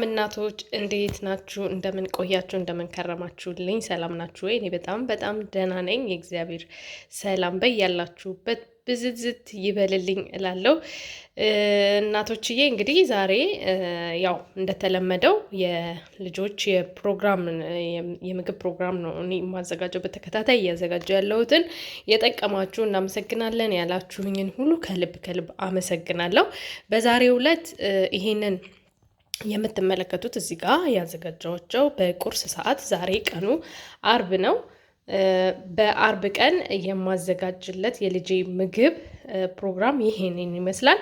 ሰላም እናቶች እንዴት ናችሁ? እንደምን ቆያችሁ? እንደምን ከረማችሁልኝ? ሰላም ናችሁ ወይ? እኔ በጣም በጣም ደህና ነኝ። የእግዚአብሔር ሰላም በያላችሁበት ብዝዝት ይበልልኝ እላለሁ። እናቶችዬ እንግዲህ ዛሬ ያው እንደተለመደው የልጆች የፕሮግራም የምግብ ፕሮግራም ነው እኔ የማዘጋጀው በተከታታይ እያዘጋጀ ያለሁትን የጠቀማችሁ እናመሰግናለን። ያላችሁኝን ሁሉ ከልብ ከልብ አመሰግናለሁ። በዛሬው ዕለት ይሄንን የምትመለከቱት እዚህ ጋር ያዘጋጃቸው በቁርስ ሰዓት ዛሬ ቀኑ አርብ ነው። በአርብ ቀን የማዘጋጅለት የልጄ ምግብ ፕሮግራም ይሄንን ይመስላል።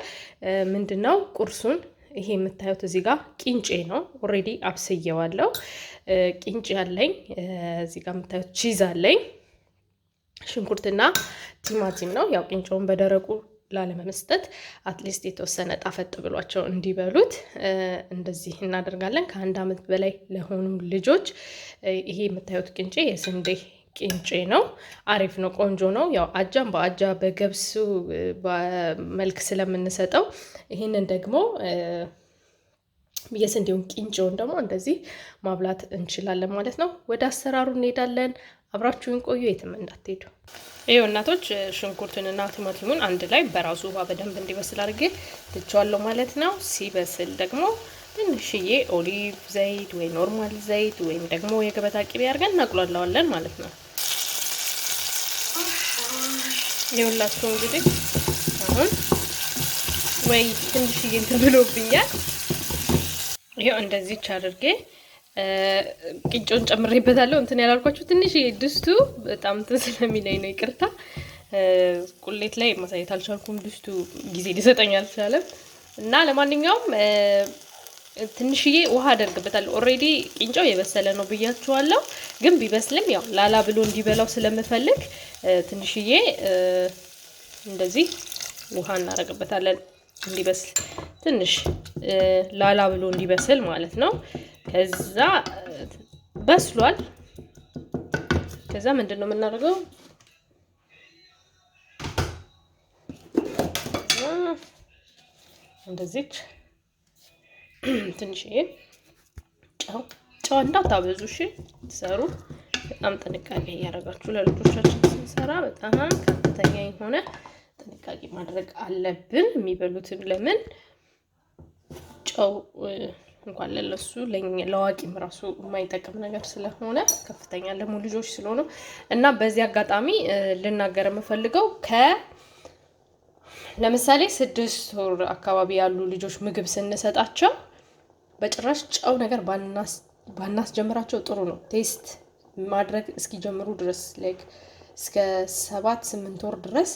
ምንድን ነው ቁርሱን ይሄ የምታዩት እዚህ ጋር ቂንጬ ነው። ኦሬዲ አብስየዋለሁ። ቂንጬ አለኝ። እዚህ ጋር የምታዩት ቺዝ አለኝ። ሽንኩርትና ቲማቲም ነው። ያው ቂንጬውን በደረቁ ላለመስጠት አትሊስት የተወሰነ ጣፈጥ ብሏቸው እንዲበሉት እንደዚህ እናደርጋለን። ከአንድ ዓመት በላይ ለሆኑ ልጆች ይሄ የምታዩት ቅንጬ የስንዴ ቅንጬ ነው። አሪፍ ነው፣ ቆንጆ ነው። ያው አጃም በአጃ በገብሱ መልክ ስለምንሰጠው ይህንን ደግሞ የስንዴውን ቂንጬውን ደግሞ እንደዚህ ማብላት እንችላለን ማለት ነው። ወደ አሰራሩ እንሄዳለን። አብራችሁን ቆዩ፣ የትም እንዳትሄዱ። ይኸው እናቶች ሽንኩርቱንና ቲማቲሙን አንድ ላይ በራሱ ውሃ በደንብ እንዲበስል አድርጌ ትቸዋለሁ ማለት ነው። ሲበስል ደግሞ ትንሽዬ ኦሊቭ ዘይት ወይ ኖርማል ዘይት ወይም ደግሞ የገበታ ቅቤ አድርገን እናቁላለዋለን ማለት ነው። ይኸውላችሁ እንግዲህ አሁን ወይ ትንሽዬ እንትን ብሎብኛል ይሄው እንደዚች አድርጌ ቅንጮን ጨምሬበታለሁ። እንትን ያላልኳችሁ ትንሽ ድስቱ በጣም እንትን ስለሚለኝ ነው፣ ይቅርታ። ቁሌት ላይ ማሳየት አልቻልኩም፣ ድስቱ ጊዜ ሊሰጠኝ አልቻለም። እና ለማንኛውም ትንሽዬ ውሃ አደርግበታለሁ። ኦሬዲ ቅንጫው የበሰለ ነው ብያችኋለሁ፣ ግን ቢበስልም ያው ላላ ብሎ እንዲበላው ስለምፈልግ ትንሽዬ እንደዚህ ውሃ እናደርግበታለን እንዲበስል ትንሽ ላላ ብሎ እንዲበስል ማለት ነው። ከዛ በስሏል። ከዛ ምንድን ነው የምናደርገው? እንደዚች ትንሽዬ ጨው ጨው እንዳታበዙ እሺ። ትሰሩ በጣም ጥንቃቄ እያደረጋችሁ ለልጆቻችን ስንሰራ በጣም ከፍተኛ የሆነ ጥንቃቄ ማድረግ አለብን። የሚበሉትን ለምን ጨው እንኳን ለለሱ ለአዋቂም ራሱ የማይጠቅም ነገር ስለሆነ ከፍተኛ ለሙ ልጆች ስለሆኑ እና በዚህ አጋጣሚ ልናገር የምፈልገው ከ ለምሳሌ ስድስት ወር አካባቢ ያሉ ልጆች ምግብ ስንሰጣቸው በጭራሽ ጨው ነገር ባናስጀምራቸው ጥሩ ነው። ቴስት ማድረግ እስኪጀምሩ ድረስ ላይክ እስከ ሰባት ስምንት ወር ድረስ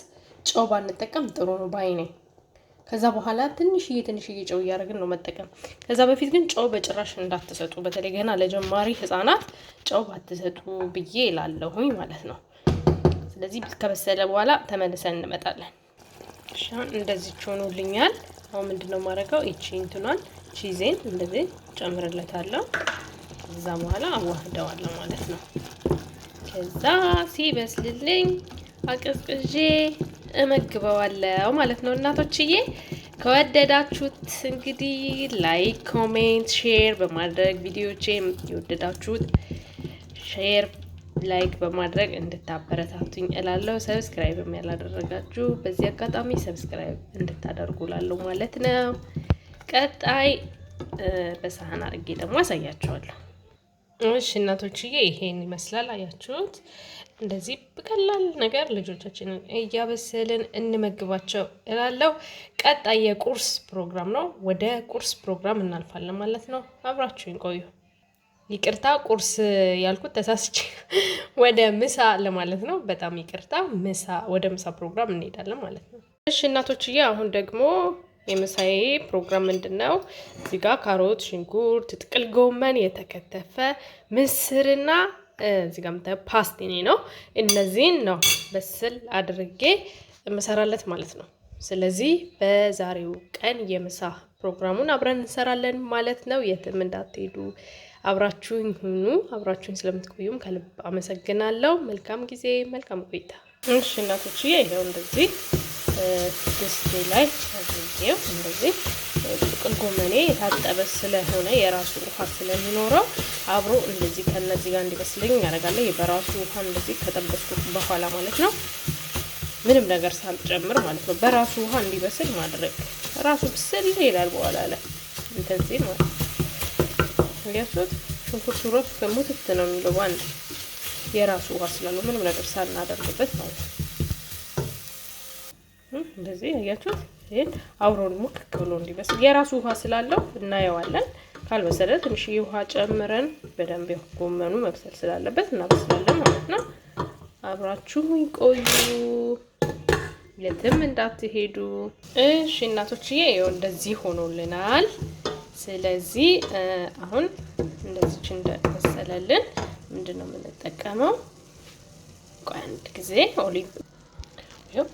ጨው ባንጠቀም ጥሩ ነው ባይ ነኝ። ከዛ በኋላ ትንሽዬ ትንሽዬ ጨው እያደረግን ነው መጠቀም። ከዛ በፊት ግን ጨው በጭራሽ እንዳትሰጡ፣ በተለይ ገና ለጀማሪ ህጻናት ጨው ባትሰጡ ብዬ ላለሁኝ ማለት ነው። ስለዚህ ከበሰለ በኋላ ተመልሰን እንመጣለን። ሻን እንደዚህ ሆኖልኛል። አሁን ምንድነው ማድረገው? ይቺ እንትኗን ቺዜን እንደዚህ ጨምርለታለሁ። ከዛ በኋላ አዋህደዋለሁ ማለት ነው። ከዛ ሲበስልልኝ አቀዝቅዤ እመግበዋለው ማለት ነው። እናቶችዬ ከወደዳችሁት እንግዲህ ላይክ፣ ኮሜንት፣ ሼር በማድረግ ቪዲዮቼ የወደዳችሁት ሼር ላይክ በማድረግ እንድታበረታቱኝ እላለሁ። ሰብስክራይብም ያላደረጋችሁ በዚህ አጋጣሚ ሰብስክራይብ እንድታደርጉ እላለሁ ማለት ነው። ቀጣይ በሳህን አድርጌ ደግሞ አሳያችኋለሁ። እሺ እናቶችዬ ይሄን ይመስላል። አያችሁት? እንደዚህ በቀላል ነገር ልጆቻችንን እያበሰልን እንመግባቸው እላለሁ። ቀጣይ የቁርስ ፕሮግራም ነው። ወደ ቁርስ ፕሮግራም እናልፋለን ማለት ነው። አብራችሁኝ ቆዩ። ይቅርታ ቁርስ ያልኩት ተሳስቼ ወደ ምሳ ለማለት ነው። በጣም ይቅርታ። ምሳ ወደ ምሳ ፕሮግራም እንሄዳለን ማለት ነው። እሺ እናቶችዬ አሁን ደግሞ የምሳዬ ፕሮግራም ምንድን ነው? እዚህ ካሮት፣ ሽንኩርት፣ ጥቅል ጎመን፣ የተከተፈ ምስርና እዚህ ጋር ፓስቲኒ ነው። እነዚህን ነው በስል አድርጌ የምሰራለት ማለት ነው። ስለዚህ በዛሬው ቀን የምሳ ፕሮግራሙን አብረን እንሰራለን ማለት ነው። የትም እንዳትሄዱ አብራችሁኝ ሁኑ። አብራችሁኝ ስለምትቆዩም ከልብ አመሰግናለሁ። መልካም ጊዜ፣ መልካም ቆይታ። እሺ እናቶችዬ ይኸው እንደዚህ ድስቴ ላይ አድርጌው እንደዚህ ጥቅል ጎመኔ የታጠበ ስለሆነ የራሱ ውሃ ስለሚኖረው አብሮ እንደዚህ ከነዚህ ጋር እንዲበስልኝ ያደርጋለሁ። በራሱ ውሃ እንደዚህ ከጠበስኩት በኋላ ማለት ነው፣ ምንም ነገር ሳልጨምር ማለት ነው። በራሱ ውሃ እንዲበስል ማድረግ ራሱ ብስል ይላል በኋላ ላይ እንትን ሲል ማለት ነው። እንዲያሱት ሽንኩርቱ ከሙትት ነው የሚለው አንድ የራሱ ውሃ ስላለው ምንም ነገር ሳናደርግበት ማለት ነው። እንደዚህ ያያችሁት ይሄን አብሮ ሙክክ ብሎ እንዲበስል የራሱ ውሃ ስላለው እናየዋለን። ካልበሰለ ትንሽ ውሃ ጨምረን በደንብ ጎመኑ መብሰል ስላለበት እናበስላለን ማለት ነው። አብራችሁ ቆዩ፣ የትም እንዳትሄዱ። እሺ እናቶችዬ፣ ይኸው እንደዚህ ሆኖልናል። ስለዚህ አሁን እንደዚች እንደበሰለልን ምንድን ነው የምንጠቀመው? አንድ ጊዜ ኦሊቭ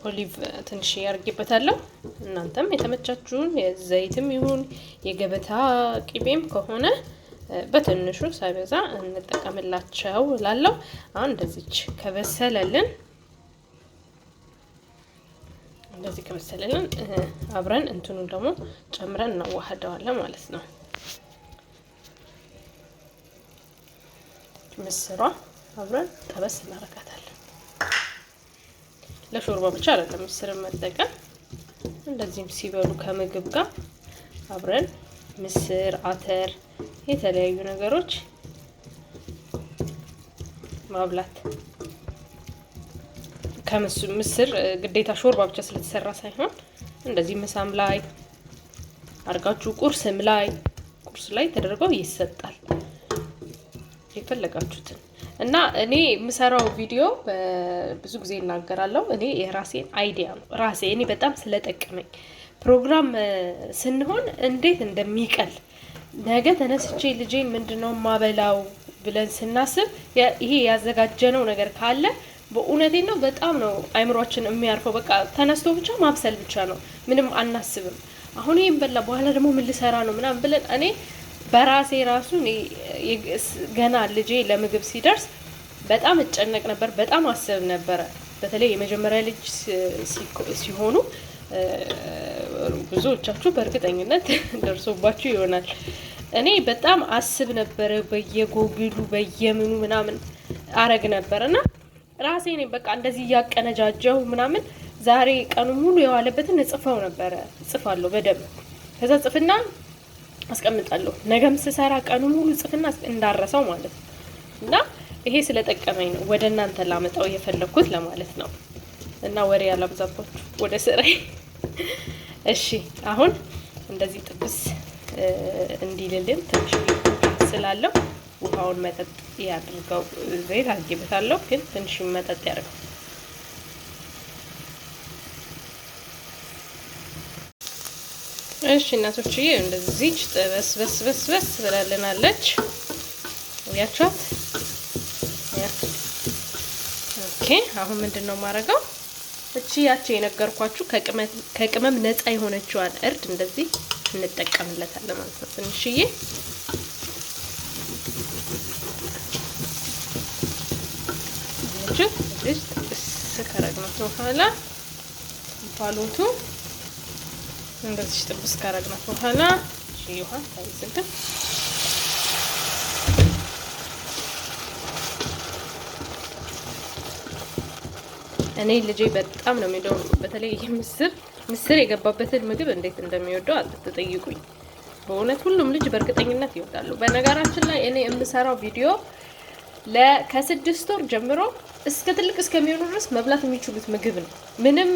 ኦሊቭ ትንሽ ያርጌበታለሁ። እናንተም የተመቻችሁን የዘይትም ይሁን የገበታ ቂቤም ከሆነ በትንሹ ሳይበዛ እንጠቀምላቸው ላለው አሁን እንደዚች ከበሰለልን እንደዚህ ከበሰለልን አብረን እንትኑ ደግሞ ጨምረን እናዋህደዋለን ማለት ነው። ምስሯ አብረን ጠበስ እናረጋታለን። ለሾርባ ብቻ አይደለም ምስርን መጠቀም። እንደዚህም ሲበሉ ከምግብ ጋር አብረን ምስር፣ አተር፣ የተለያዩ ነገሮች ማብላት ከምስር ግዴታ ሾርባ ብቻ ስለተሰራ ሳይሆን እንደዚህ ምሳም ላይ አርጋችሁ ቁርስም ላይ ቁርስ ላይ ተደርገው ይሰጣል የፈለጋችሁትን እና እኔ የምሰራው ቪዲዮ ብዙ ጊዜ እናገራለሁ። እኔ የራሴን አይዲያ ነው ራሴ እኔ በጣም ስለጠቀመኝ ፕሮግራም ስንሆን እንዴት እንደሚቀል ነገ ተነስቼ ልጄን ምንድነው ማበላው ብለን ስናስብ ይሄ ያዘጋጀነው ነገር ካለ በእውነቴ ነው በጣም ነው አይምሯችን የሚያርፈው። በቃ ተነስቶ ብቻ ማብሰል ብቻ ነው፣ ምንም አናስብም። አሁን ይህም በላ በኋላ ደግሞ ምን ልሰራ ነው ምናምን ብለን እኔ በራሴ ራሱ ገና ልጄ ለምግብ ሲደርስ በጣም እጨነቅ ነበር፣ በጣም አስብ ነበረ። በተለይ የመጀመሪያ ልጅ ሲሆኑ ብዙዎቻችሁ በእርግጠኝነት ደርሶባችሁ ይሆናል። እኔ በጣም አስብ ነበረ፣ በየጎግሉ በየምኑ ምናምን አረግ ነበር እና ራሴ እኔ በቃ እንደዚህ እያቀነጃጀሁ ምናምን ዛሬ ቀኑ ሙሉ የዋለበትን እጽፈው ነበረ፣ እጽፋለሁ በደንብ ከዛ ጽፍና አስቀምጣለሁ። ነገም ስሰራ ቀኑ ሙሉ ጽፍና እንዳረሰው ማለት ነው። እና ይሄ ስለጠቀመኝ ነው ወደ እናንተ ላመጣው የፈለግኩት ለማለት ነው። እና ወሬ ያላብዛባችሁ ወደ ስራዬ። እሺ አሁን እንደዚህ ጥብስ እንዲልልን ትንሽ ስላለው ውሃውን መጠጥ ያድርገው። ዘይት አድርጌበታለሁ፣ ግን ትንሽ መጠጥ ያደርገው እሺ እናቶችዬ እንደዚህ ጥበስ በስ በስ በስ ብላልናለች። ያቻት ኦኬ። አሁን ምንድነው የማደርገው? እቺ ያቺ የነገርኳችሁ ከቅመም ነፃ የሆነችዋን እርድ እንደዚህ እንጠቀምለታለን ማለት ነው። ትንሽዬ ጅ ስ ከረግነት በኋላ ባሎቱ እንደዚህ ጥብስ ካረግነት በኋላ ውሃ አይዝልም። እኔ ልጄ በጣም ነው የሚወደው። በተለይ ይህ ምስር ምስር የገባበትን ምግብ እንዴት እንደሚወደው አትጠይቁኝ። በእውነት ሁሉም ልጅ በእርግጠኝነት ይወዳሉ። በነገራችን ላይ እኔ የምሰራው ቪዲዮ ከስድስት ወር ጀምሮ እስከ ትልቅ እስከሚሆኑ ድረስ መብላት የሚችሉት ምግብ ነው። ምንም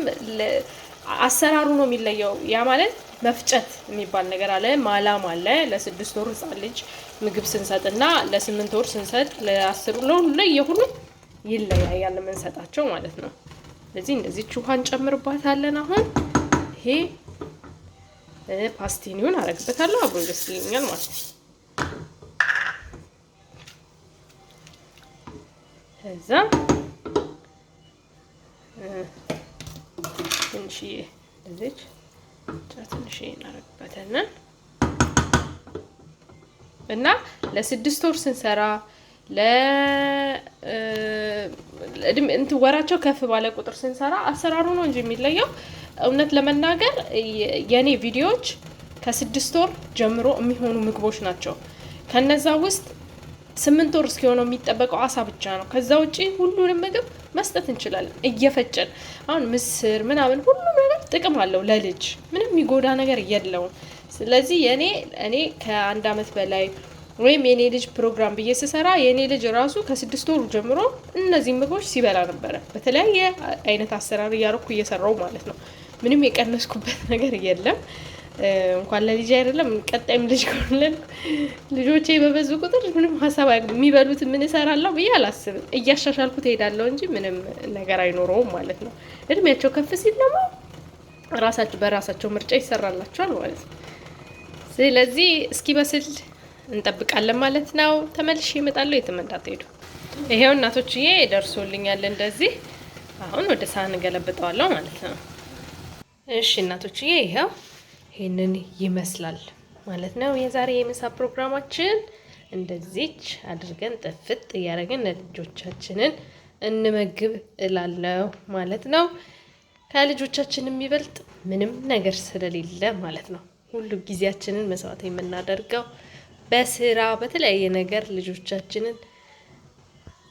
አሰራሩ ነው የሚለየው። ያ ማለት መፍጨት የሚባል ነገር አለ፣ ማላም አለ። ለስድስት ወር ህፃን ልጅ ምግብ ስንሰጥ ለስምንት ወር ስንሰጥ ለአስር ለሁሉ የሁሉም ይለያያል የምንሰጣቸው ማለት ነው። ስለዚህ እንደዚህ ውሃ እንጨምርባታለን። አሁን ይሄ ፓስቲኒውን አረግበታለሁ አብሮ ይበስልኛል ማለት ነው። እዛ ትንሽዬ ለዚች ትንሽዬ እናደርግበታለን እና ለስድስት ወር ስንሰራ እንትን ወራቸው ከፍ ባለ ቁጥር ስንሰራ አሰራሩ ነው እንጂ የሚለየው። እውነት ለመናገር የእኔ ቪዲዮዎች ከስድስት ወር ጀምሮ የሚሆኑ ምግቦች ናቸው። ከነዛ ውስጥ ስምንት ወር እስኪሆነው የሚጠበቀው አሳ ብቻ ነው። ከዛ ውጭ ሁሉንም ምግብ መስጠት እንችላለን። እየፈጨን አሁን ምስር ምናምን ሁሉም ነገር ጥቅም አለው ለልጅ ምንም የሚጎዳ ነገር የለውም። ስለዚህ የኔ እኔ ከአንድ አመት በላይ ወይም የኔ ልጅ ፕሮግራም ብዬ ስሰራ የእኔ ልጅ ራሱ ከስድስት ወሩ ጀምሮ እነዚህ ምግቦች ሲበላ ነበረ። በተለያየ አይነት አሰራር እያረኩ እየሰራው ማለት ነው። ምንም የቀነስኩበት ነገር የለም። እንኳን ለልጅ አይደለም ቀጣይም ልጅ ከሆንለን ልጆቼ በበዙ ቁጥር ምንም ሀሳብ የሚበሉት ምን እሰራለሁ ብዬ አላስብም። እያሻሻልኩ ትሄዳለሁ እንጂ ምንም ነገር አይኖረውም ማለት ነው። እድሜያቸው ከፍ ሲል ደግሞ ራሳቸው በራሳቸው ምርጫ ይሰራላቸዋል ማለት ነው። ስለዚህ እስኪ በስል እንጠብቃለን ማለት ነው። ተመልሼ እመጣለሁ። የትም እንዳትሄዱ። ይሄው እናቶችዬ ደርሶልኛል። እንደዚህ አሁን ወደ ሳህን ገለብጠዋለሁ ማለት ነው። እሺ እናቶችዬ ይሄው ይህንን ይመስላል ማለት ነው። የዛሬ የምሳ ፕሮግራማችን እንደዚች አድርገን ጥፍጥ እያደረግን ልጆቻችንን እንመግብ እላለው ማለት ነው። ከልጆቻችን የሚበልጥ ምንም ነገር ስለሌለ ማለት ነው። ሁሉ ጊዜያችንን መስዋዕት የምናደርገው በስራ በተለያየ ነገር ልጆቻችንን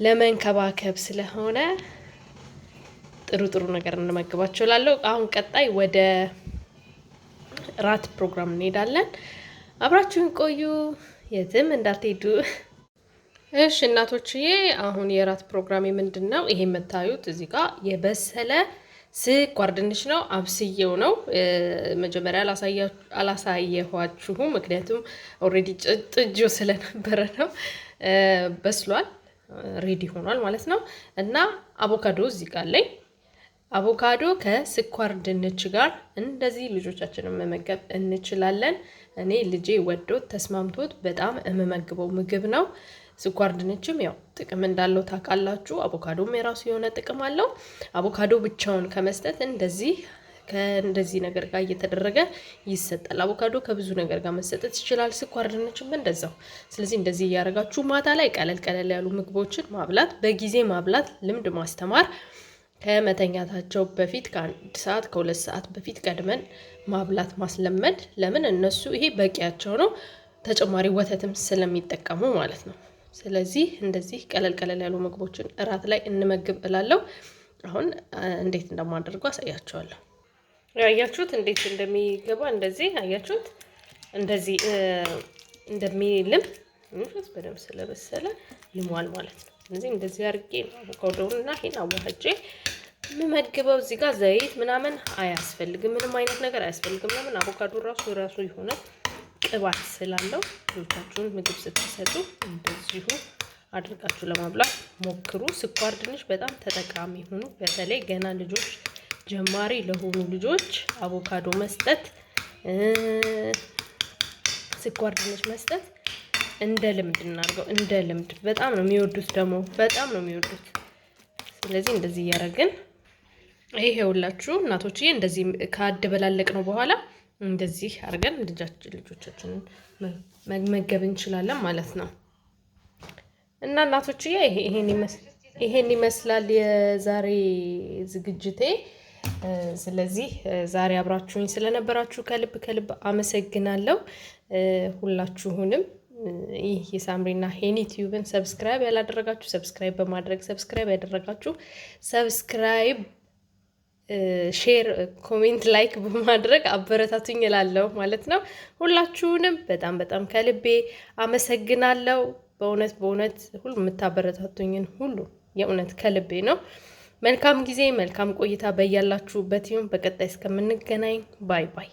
ለመንከባከብ ስለሆነ ጥሩ ጥሩ ነገር እንመግባቸው እላለሁ። አሁን ቀጣይ ወደ ራት ፕሮግራም እንሄዳለን። አብራችሁን ቆዩ፣ የትም እንዳትሄዱ። እሺ እናቶችዬ፣ አሁን የራት ፕሮግራም ምንድን ነው? ይሄ የምታዩት እዚህ ጋ የበሰለ ስኳር ድንች ነው። አብስዬው ነው መጀመሪያ አላሳየኋችሁም፣ ምክንያቱም ኦልሬዲ ጥጆ ስለነበረ ነው። በስሏል፣ ሬዲ ሆኗል ማለት ነው። እና አቮካዶ እዚህ ጋር አለኝ አቮካዶ ከስኳር ድንች ጋር እንደዚህ ልጆቻችንን መመገብ እንችላለን። እኔ ልጄ ወዶት ተስማምቶት በጣም የምመግበው ምግብ ነው። ስኳር ድንችም ያው ጥቅም እንዳለው ታውቃላችሁ። አቮካዶም የራሱ የሆነ ጥቅም አለው። አቮካዶ ብቻውን ከመስጠት እንደዚህ ከእንደዚህ ነገር ጋር እየተደረገ ይሰጣል። አቮካዶ ከብዙ ነገር ጋር መሰጠት ይችላል። ስኳር ድንችም እንደዛው። ስለዚህ እንደዚህ እያደረጋችሁ ማታ ላይ ቀለል ቀለል ያሉ ምግቦችን ማብላት፣ በጊዜ ማብላት ልምድ ማስተማር ከመተኛታቸው በፊት ከአንድ ሰዓት ከሁለት ሰዓት በፊት ቀድመን ማብላት ማስለመድ። ለምን እነሱ ይሄ በቂያቸው ነው፣ ተጨማሪ ወተትም ስለሚጠቀሙ ማለት ነው። ስለዚህ እንደዚህ ቀለል ቀለል ያሉ ምግቦችን እራት ላይ እንመግብ እላለሁ። አሁን እንዴት እንደማደርጉ አሳያችኋለሁ። አያችሁት እንዴት እንደሚገባ እንደዚህ አያችሁት እንደዚህ እንደሚልም ድረስ በደንብ ስለበሰለ ልሟል ማለት ነው። እነዚህ እንደዚህ አድርጌ ነው አቮካዶውንና ይሄን አዋህጄ የምመግበው። እዚህ ጋር ዘይት ምናምን አያስፈልግም፣ ምንም አይነት ነገር አያስፈልግም። ለምን አቮካዶ ራሱ የራሱ የሆነ ቅባት ስላለው ልጆቻችሁን ምግብ ስትሰጡ እንደዚሁ አድርጋችሁ ለማብላት ሞክሩ። ስኳር ድንች በጣም ተጠቃሚ ሆኑ። በተለይ ገና ልጆች ጀማሪ ለሆኑ ልጆች አቮካዶ መስጠት፣ ስኳር ድንች መስጠት እንደ ልምድ እናድርገው። እንደ ልምድ በጣም ነው የሚወዱት ደግሞ በጣም ነው የሚወዱት። ስለዚህ እንደዚህ እያደረግን ይሄ ሁላችሁ እናቶችዬ እንደዚህ ካደበላለቅ ነው በኋላ እንደዚህ አድርገን ልጆቻችንን መመገብ እንችላለን ማለት ነው። እና እናቶችዬ ይሄን ይመስላል የዛሬ ዝግጅቴ። ስለዚህ ዛሬ አብራችሁኝ ስለነበራችሁ ከልብ ከልብ አመሰግናለሁ ሁላችሁንም። ይህ የሳምሪና ሄኒ ቲዩብን ሰብስክራይብ ያላደረጋችሁ ሰብስክራይብ በማድረግ ሰብስክራይብ ያደረጋችሁ ሰብስክራይብ፣ ሼር፣ ኮሜንት፣ ላይክ በማድረግ አበረታቱኝ እላለሁ ማለት ነው። ሁላችሁንም በጣም በጣም ከልቤ አመሰግናለሁ። በእውነት በእውነት ሁሉ የምታበረታቱኝን ሁሉ የእውነት ከልቤ ነው። መልካም ጊዜ፣ መልካም ቆይታ በያላችሁበት ይሁን። በቀጣይ እስከምንገናኝ ባይ ባይ።